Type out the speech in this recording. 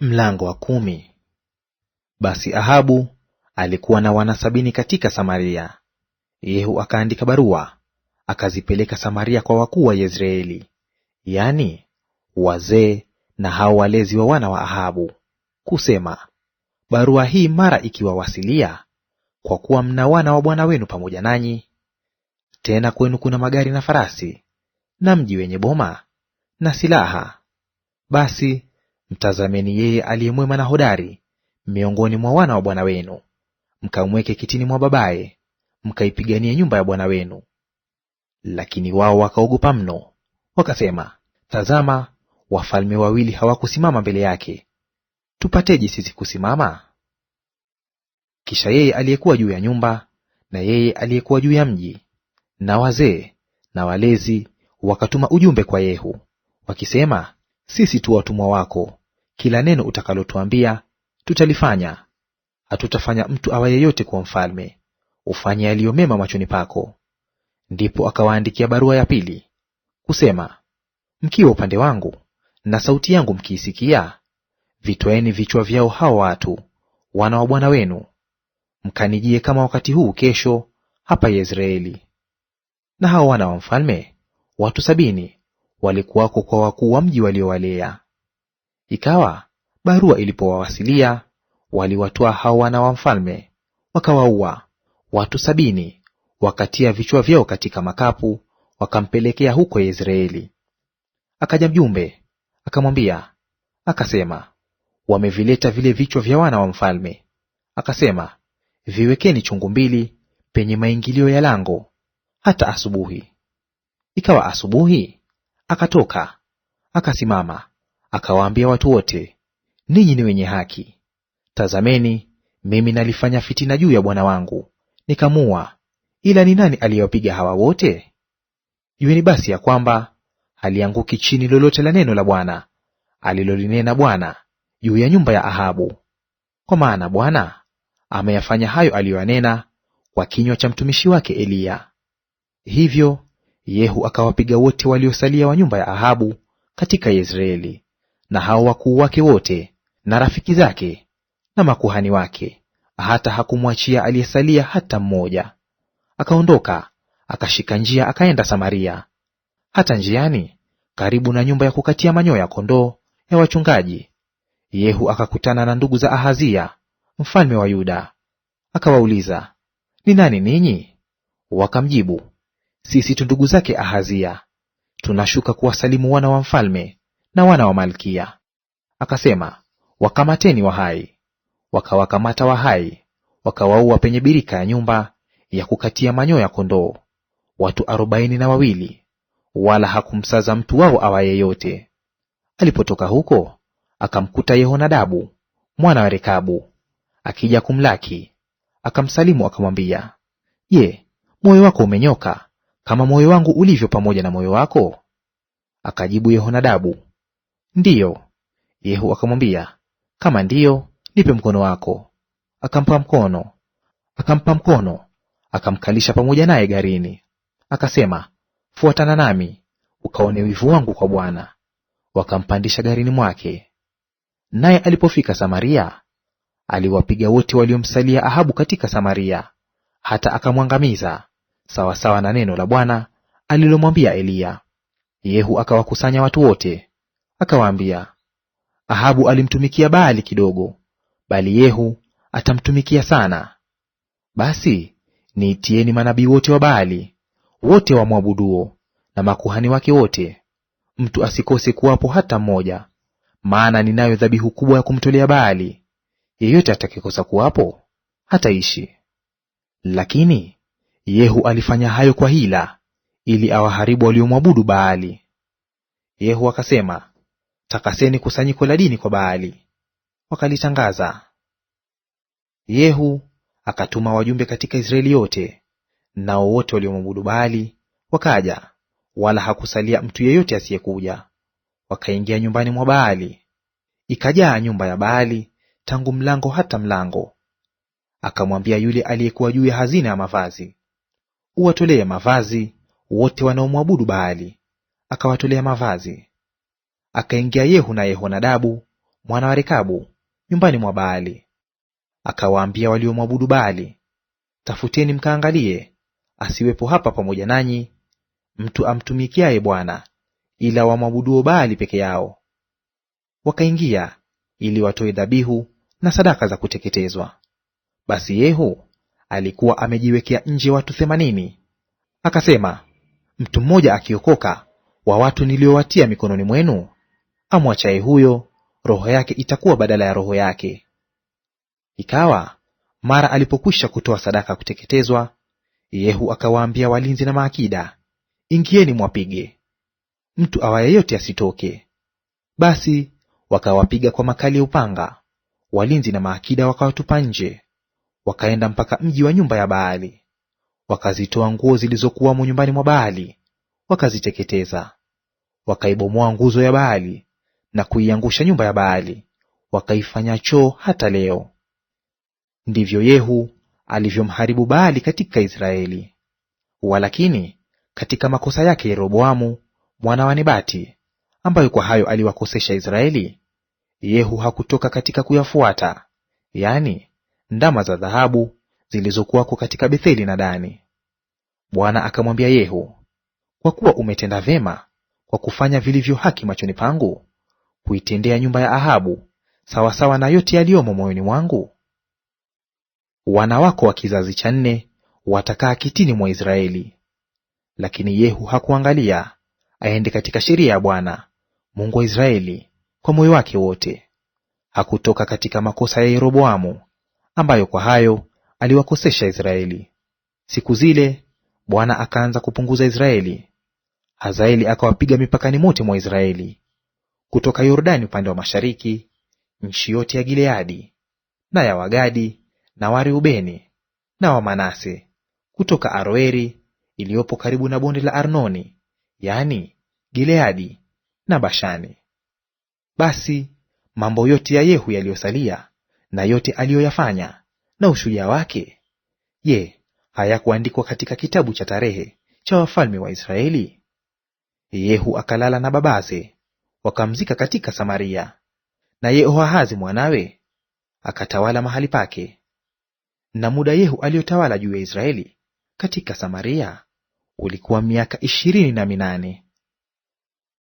Mlango wa kumi. Basi Ahabu alikuwa na wana sabini katika Samaria. Yehu akaandika barua akazipeleka Samaria kwa wakuu wa Yezreeli, yaani wazee na hao walezi wa wana wa Ahabu, kusema, barua hii mara ikiwawasilia, kwa kuwa mna wana wa bwana wenu pamoja nanyi, tena kwenu kuna magari na farasi na mji wenye boma na silaha, basi Mtazameni yeye aliye mwema na hodari miongoni mwa wana wa bwana wenu, mkamweke kitini mwa babaye, mkaipiganie nyumba ya bwana wenu. Lakini wao wakaogopa mno, wakasema, Tazama, wafalme wawili hawakusimama mbele yake; tupateje sisi kusimama? Kisha yeye aliyekuwa juu ya nyumba na yeye aliyekuwa juu ya mji na wazee na walezi wakatuma ujumbe kwa Yehu wakisema, sisi tu watumwa wako, kila neno utakalotuambia tutalifanya, hatutafanya mtu awa yeyote kuwa mfalme. Ufanye yaliyo mema machoni pako. Ndipo akawaandikia barua ya pili kusema, mkiwa upande wangu na sauti yangu mkiisikia, vitwaeni vichwa vyao hao watu wana wa bwana wenu, mkanijie kama wakati huu kesho hapa Yezreeli. Na hao wana wa mfalme watu sabini walikuwako kwa wakuu wa mji waliowalea. Ikawa barua ilipowawasilia, waliwatoa hao wana wa mfalme, wakawaua watu sabini, wakatia vichwa vyao katika makapu, wakampelekea huko Yezreeli. Akaja mjumbe akamwambia akasema, wamevileta vile vichwa vya wana wa mfalme. Akasema, viwekeni chungu mbili penye maingilio ya lango hata asubuhi. Ikawa asubuhi, akatoka akasimama akawaambia watu wote, ninyi ni wenye haki. Tazameni, mimi nalifanya fitina juu ya bwana wangu, nikamua; ila ni nani aliyewapiga hawa wote? Jueni basi ya kwamba halianguki chini lolote la neno la Bwana alilolinena Bwana juu ya nyumba ya Ahabu, kwa maana Bwana ameyafanya hayo aliyoyanena kwa kinywa cha mtumishi wake Eliya. Hivyo Yehu akawapiga wote waliosalia wa nyumba ya Ahabu katika Yezreeli na hao wakuu wake wote na rafiki zake na makuhani wake, hata hakumwachia aliyesalia hata mmoja. Akaondoka akashika njia akaenda Samaria. Hata njiani karibu na nyumba ya kukatia manyoya kondoo ya wachungaji, Yehu akakutana na ndugu za Ahazia mfalme wa Yuda. Akawauliza, ni nani ninyi? Wakamjibu, sisi tu ndugu zake Ahazia, tunashuka kuwasalimu wana wa mfalme na wana wa Malkia. Akasema, wakamateni wahai. Wakawakamata wahai, wakawaua penye birika ya nyumba ya kukatia manyoya kondoo, watu arobaini na wawili, wala hakumsaza mtu wao awa yeyote. Alipotoka huko, akamkuta Yehonadabu mwana wa Rekabu akija kumlaki, akamsalimu akamwambia, Je, moyo wako umenyoka kama moyo wangu ulivyo pamoja na moyo wako? Akajibu Yehonadabu, Ndiyo. Yehu akamwambia, kama ndiyo, nipe mkono wako. Akampa mkono, akampa mkono, akamkalisha pamoja naye garini. Akasema, fuatana nami, ukaone wivu wangu kwa Bwana. Wakampandisha garini mwake. Naye alipofika Samaria, aliwapiga wote waliomsalia Ahabu katika Samaria, hata akamwangamiza, sawasawa na neno la Bwana alilomwambia Eliya. Yehu akawakusanya watu wote Akawaambia, Ahabu alimtumikia Baali kidogo, bali Yehu atamtumikia sana. Basi niitieni manabii wote wa Baali, wote wamwabuduo, na makuhani wake wote; mtu asikose kuwapo hata mmoja, maana ninayo dhabihu kubwa ya kumtolea Baali; yeyote atakayekosa kuwapo hataishi. Lakini Yehu alifanya hayo kwa hila, ili awaharibu waliomwabudu Baali. Yehu akasema, takaseni kusanyiko la dini kwa Baali. Wakalitangaza. Yehu akatuma wajumbe katika Israeli yote, nao wote waliomwabudu Baali wakaja, wala hakusalia mtu yeyote asiyekuja. Wakaingia nyumbani mwa Baali, ikajaa nyumba ya Baali tangu mlango hata mlango. Akamwambia yule aliyekuwa juu ya hazina ya mavazi, uwatolee mavazi wote wanaomwabudu Baali. Akawatolea mavazi akaingia Yehu na Yehonadabu mwana wa Rekabu nyumbani mwa Baali. Akawaambia waliomwabudu Baali, tafuteni mkaangalie, asiwepo hapa pamoja nanyi mtu amtumikiaye Bwana, ila wamwabuduo Baali peke yao. Wakaingia ili watoe dhabihu na sadaka za kuteketezwa. Basi Yehu alikuwa amejiwekea nje watu themanini. Akasema, mtu mmoja akiokoka wa watu niliowatia mikononi mwenu, amwachaye huyo, roho yake itakuwa badala ya roho yake. Ikawa mara alipokwisha kutoa sadaka ya kuteketezwa, Yehu akawaambia walinzi na maakida, ingieni mwapige, mtu awaye yote asitoke. Basi wakawapiga kwa makali ya upanga, walinzi na maakida wakawatupa nje, wakaenda mpaka mji wa nyumba ya Baali, wakazitoa nguo zilizokuwamo nyumbani mwa Baali, wakaziteketeza. Wakaibomoa nguzo ya Baali na kuiangusha nyumba ya Baali, wakaifanya choo hata leo. Ndivyo Yehu alivyomharibu Baali katika Israeli. Walakini katika makosa yake Yeroboamu mwana wa Nebati, ambayo kwa hayo aliwakosesha Israeli, Yehu hakutoka katika kuyafuata, yaani ndama za dhahabu zilizokuwako katika Betheli na Dani. Bwana akamwambia Yehu, kwa kuwa umetenda vyema kwa kufanya vilivyo haki machoni pangu, kuitendea nyumba ya Ahabu sawasawa na yote yaliyomo moyoni mwangu? Wana wako wa kizazi cha nne watakaa kitini mwa Israeli. Lakini Yehu hakuangalia aende katika sheria ya Bwana Mungu wa Israeli kwa moyo wake wote, hakutoka katika makosa ya Yeroboamu ambayo kwa hayo aliwakosesha Israeli. Siku zile Bwana akaanza kupunguza Israeli. Hazaeli akawapiga mipakani mote mwa Israeli, kutoka Yordani upande wa mashariki, nchi yote ya Gileadi na ya Wagadi na Wareubeni na Wamanase, kutoka Aroeri iliyopo karibu na bonde la Arnoni, yaani Gileadi na Bashani. Basi mambo yote ya Yehu yaliyosalia na yote aliyoyafanya na ushujaa wake, je, hayakuandikwa katika kitabu cha tarehe cha wafalme wa Israeli? Yehu akalala na babaze, wakamzika katika Samaria. Na Yehoahazi mwanawe akatawala mahali pake. Na muda Yehu aliyotawala juu ya Israeli katika Samaria ulikuwa miaka ishirini na minane.